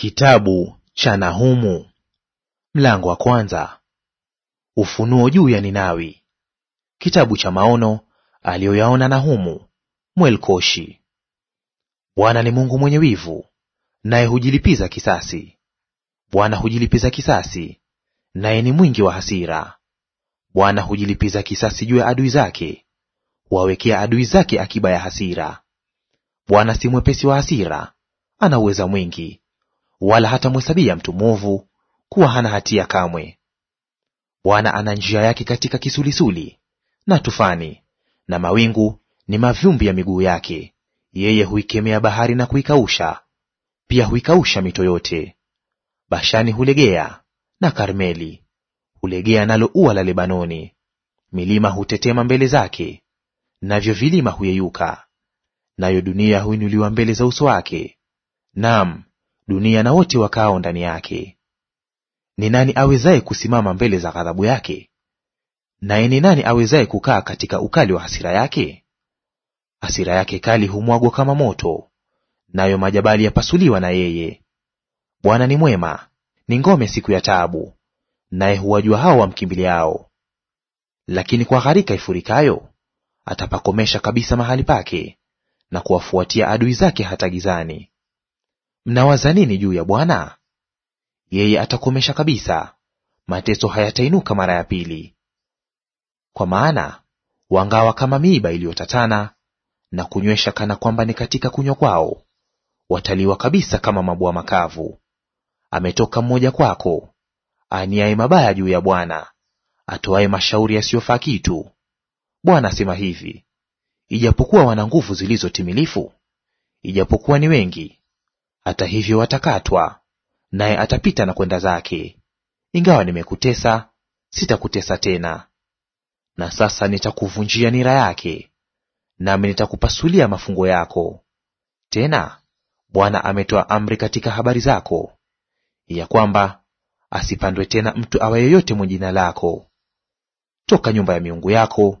Kitabu cha Nahumu mlango wa kwanza. Ufunuo juu ya Ninawi. Kitabu cha maono aliyoyaona Nahumu Mwelkoshi. Bwana ni Mungu mwenye wivu, naye hujilipiza kisasi. Bwana hujilipiza kisasi, naye ni mwingi wa hasira. Bwana hujilipiza kisasi juu ya adui zake, huwawekea adui zake akiba ya hasira. Bwana si mwepesi wa hasira, ana uweza mwingi wala hatamhesabia mtu mwovu kuwa hana hatia kamwe. Bwana ana njia yake katika kisulisuli na tufani, na mawingu ni mavumbi ya miguu yake. Yeye huikemea bahari na kuikausha, pia huikausha mito yote. Bashani hulegea na Karmeli hulegea, nalo ua la Lebanoni. Milima hutetema mbele zake, navyo vilima huyeyuka, nayo dunia huinuliwa mbele za uso wake. Naam, dunia na wote wakaao ndani yake. Ni nani awezaye kusimama mbele za ghadhabu yake? Naye ni nani awezaye kukaa katika ukali wa hasira yake? Hasira yake kali humwagwa kama moto, nayo majabali yapasuliwa na yeye. Bwana ni mwema, ni ngome siku ya taabu, naye huwajua hao wamkimbiliao. Lakini kwa gharika ifurikayo atapakomesha kabisa mahali pake, na kuwafuatia adui zake hata gizani. Mnawaza nini juu ya Bwana? Yeye atakomesha kabisa, mateso hayatainuka mara ya pili. Kwa maana wangawa kama miiba iliyotatana na kunywesha kana kwamba ni katika kunywa kwao, wataliwa kabisa kama mabua makavu. Ametoka mmoja kwako aniaye mabaya juu ya Bwana, atoaye mashauri yasiyofaa kitu. Bwana asema hivi: ijapokuwa wana nguvu zilizotimilifu, ijapokuwa ni wengi, hata hivyo watakatwa naye atapita na kwenda zake. Ingawa nimekutesa, sitakutesa tena. Na sasa nitakuvunjia nira yake, nami nitakupasulia mafungo yako. Tena Bwana ametoa amri katika habari zako, ya kwamba asipandwe tena mtu awa yeyote mwe jina lako. Toka nyumba ya miungu yako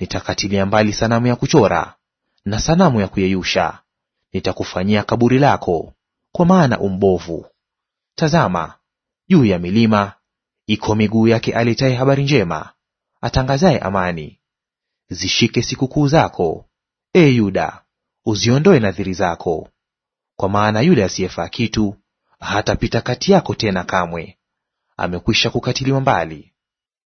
nitakatilia mbali sanamu ya kuchora na sanamu ya kuyeyusha, nitakufanyia kaburi lako, kwa maana umbovu. Tazama, juu ya milima iko miguu yake aletaye habari njema, atangazaye amani. Zishike sikukuu zako, e Yuda, uziondoe nadhiri zako, kwa maana yule asiyefaa kitu hatapita kati yako tena kamwe; amekwisha kukatiliwa mbali.